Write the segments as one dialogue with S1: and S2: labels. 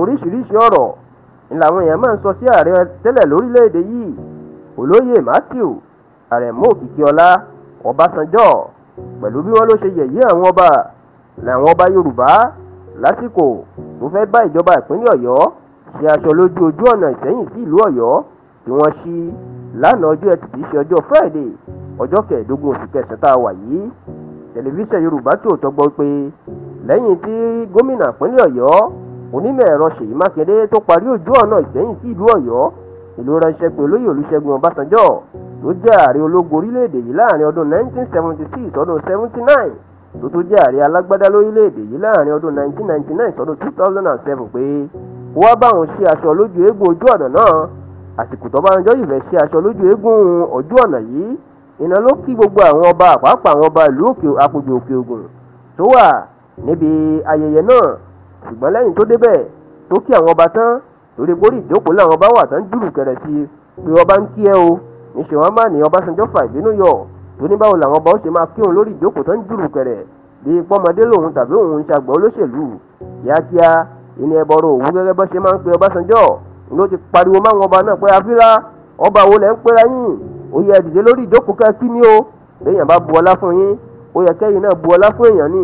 S1: oríṣiríṣi ọ̀rọ̀ ni làwọn èèyàn máa ń sọ sí ààrẹ tẹ́lẹ̀ lórílẹ̀‐èdè yìí olóyè matthew àrẹ̀mú òkìkíọlá ọbásanjọ́ pẹ̀lú bí wọ́n ló ṣe yẹ̀yẹ́ àwọn ọba làwọn ọba yorùbá lásìkò tó fẹ́ bá ìjọba ìpínlẹ̀ ọ̀yọ́ ṣe aṣọ lójú ojú ọ̀nà ìsẹ́yìn sí ìlú ọ̀yọ́ tí wọ́n ṣí lánàá ọjọ́ ẹtì tí í ṣe ọjọ́ friday ọjọ́ kẹẹ̀ẹ́dógún oṣù kẹsàn-án tá a wà yìí tẹlifíṣàn yorùbá tí ò tọgbọ́ pé lẹ́yìn tí gómìnà ìpínlẹ̀ ọ̀yọ́ onímọ̀ ẹ̀rọ ṣèyí mákindé tó parí ojú ọ̀nà ìsẹ́yìn sí ìlú ọ̀yọ́ ìlú ránṣẹ́ pé olóyè olúṣẹ́gun ọbásanjọ́ tó jẹ́ ààrẹ ológun orílẹ̀-èdè yìí láàrin ọdún 1976 sọ́dún 79 tó tó jẹ́ ààrẹ alágbádá lórílẹ̀-èdè yìí láàrin ọdún 1999 sọ́dún 2007 pé kó wá báwọn ṣe aṣọ lójú eégún ojú ọ̀nà náà àsìkò tọ́bánjọ́ ìfẹ́ ṣe aṣọ lójú eégún ojú ọ̀nà yìí iná ló kí gbogbo àwọn ọba àpapọ̀ àwọn ọba ìlú àpòjù òkè ògùn tó wà níbi ayẹyẹ náà ṣùgbọ́n lẹ́yìn tó débẹ̀ tó kí àwọn ọba tán lórí pórí ìjókòó làwọn ọba wà tán jùlù kẹrẹ sí i pé ọba ń kí ẹ o níṣẹ́ wọn má ní Ọbásanjọ́ fà ìbínú yọ tó ní báwo làwọn ọba ó ṣe máa kírun lórí ìjókòó tán jùlù kẹrẹ bí pọ́mọdé lòun tàbí òun ń ṣàgbọ́ olóṣèlú kíákíá ìní ẹbọrọ òwú gẹ́gẹ́ bọ́ ṣe máa ń pe Ọbásanjọ́ ló ti pariwo máwọn ọba náà pé afira ọba wo lẹ́ ń pera yín ó yẹ lórí ìjókòó kẹ́ kí ni o lèèyàn bá bu ọlá fún yín ó yẹ náà bu ọlá fún èèyàn ni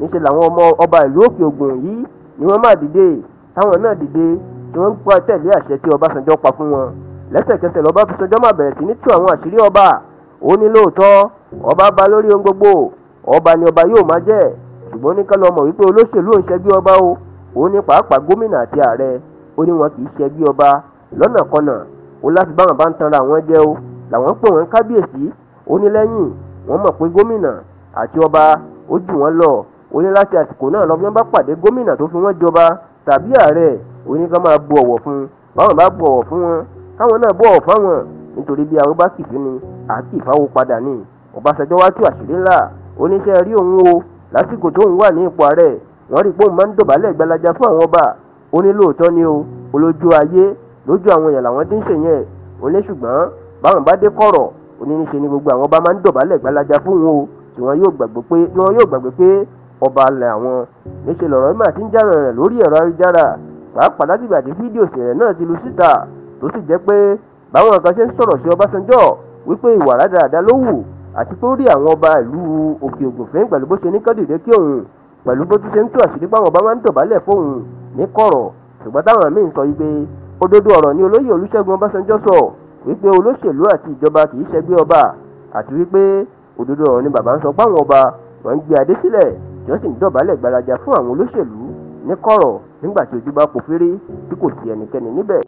S1: níṣẹ́ làwọn ọmọ ọba ìlú òkè ògùn yìí ni wọ́n máa dìde táwọn náà dìde ni wọ́n ń pa tẹ̀lé àṣẹ tí Ọbásanjọ́ pa fún wọn lẹ́sẹ̀kẹsẹ̀ lọ́básanjọ́ máa bẹ̀rẹ̀ sí ní tú àwọn àṣírí ọba ó ní lóòótọ́ ọba bá lórí ohun gbogbo ọba ni ọba yóò máa jẹ́ ṣùgbọ́n ní kálọ̀ mọ̀ wípé olóṣèlú ò ń ṣẹgbẹ́ ọba o ó ní pàápàá gómìnà àti ààrẹ ó ní wọn kì í ṣẹgbẹ́ ọba lọ́nà kọnà ó láti báwọn bá ń tanra àwọn jẹ o làwọn pè wọ́n kábíyèsí ó ní lẹ́yìn wọ́n mọ̀ pé gómìnà àti ọba ó jù wọ́n lọ ó ní láti àsìkò náà lọ bí wọ́n bá pàdé gómìnà tó fi wọ́n jọba tàbí ààrẹ ó ní ká máa bu ọ̀wọ̀ fún un báwọn bá bu ọ̀wọ̀ fún wọn káwọn náà bu ọ̀wọ̀ fáwọn nítorí bí àwọn bá kì í ní àti ìfáwó padà ní Ọbásanjọ́ wá tú àṣírí ńlá oníṣẹ́ rí òun o lásìkò tóun wà ní ipò ààrẹ wọ́n rí i pé òun máa ń dọ̀bálẹ̀ gbalaja fún àwọn ọba ó ní lóòótọ́ ni o olójú ayé lójú àwọn èèyàn làwọn ti ń ṣèyẹn ó ní ṣùgbọ́n báwọn bá dé kọ̀rọ̀ ó ni gbogbo àwọn ọba máa ń dọ̀bálẹ̀ gbalaja fún wọn o tí wọn yóò gbàgbé pé ọba alẹ́ àwọn níṣẹ́ lọ̀rọ̀ mà ti ń jà rẹ̀ lórí ẹ̀rọ ayélujára pàápàá látìgbà tí fídíò ìṣẹ̀lẹ̀ náà ti lu síta tó sì jẹ́ pé báwọn kan ṣe ń sọ̀rọ̀ sí Ọbásanjọ́ wípé ìwà rádaràda ló wù àti pé ó rí àwọn ọba ìlú òkè ògùn fẹ́ pẹ̀lú bó ṣe ní kọ́dìdé kí òun pẹ̀lú bó tún ṣe ń tú àṣírí báwọn ọba máa ń dọ̀bálẹ̀ fóun ní kọ̀rọ̀ ṣùgbọ́n táwọn míì ń sọ wípé òdodo ọ̀rọ̀ ni olóyè Olúṣẹ́gun Ọbásanjọ́ sọ wípé olóṣèlú àti ìjọba kì í ṣẹgbẹ́ ọba àti wípé òdodo ọ̀rọ̀ ni bàbá ń sọ páwọn ọba wọ́n ń gbé adé sílẹ̀ wọ́n sì ń dọ̀bálẹ̀ gbalaja fún àwọn olóṣèlú ní kọ̀rọ̀ nígbà tí ojú bá po féré bí kò sí ẹnikẹ́ni níbẹ̀.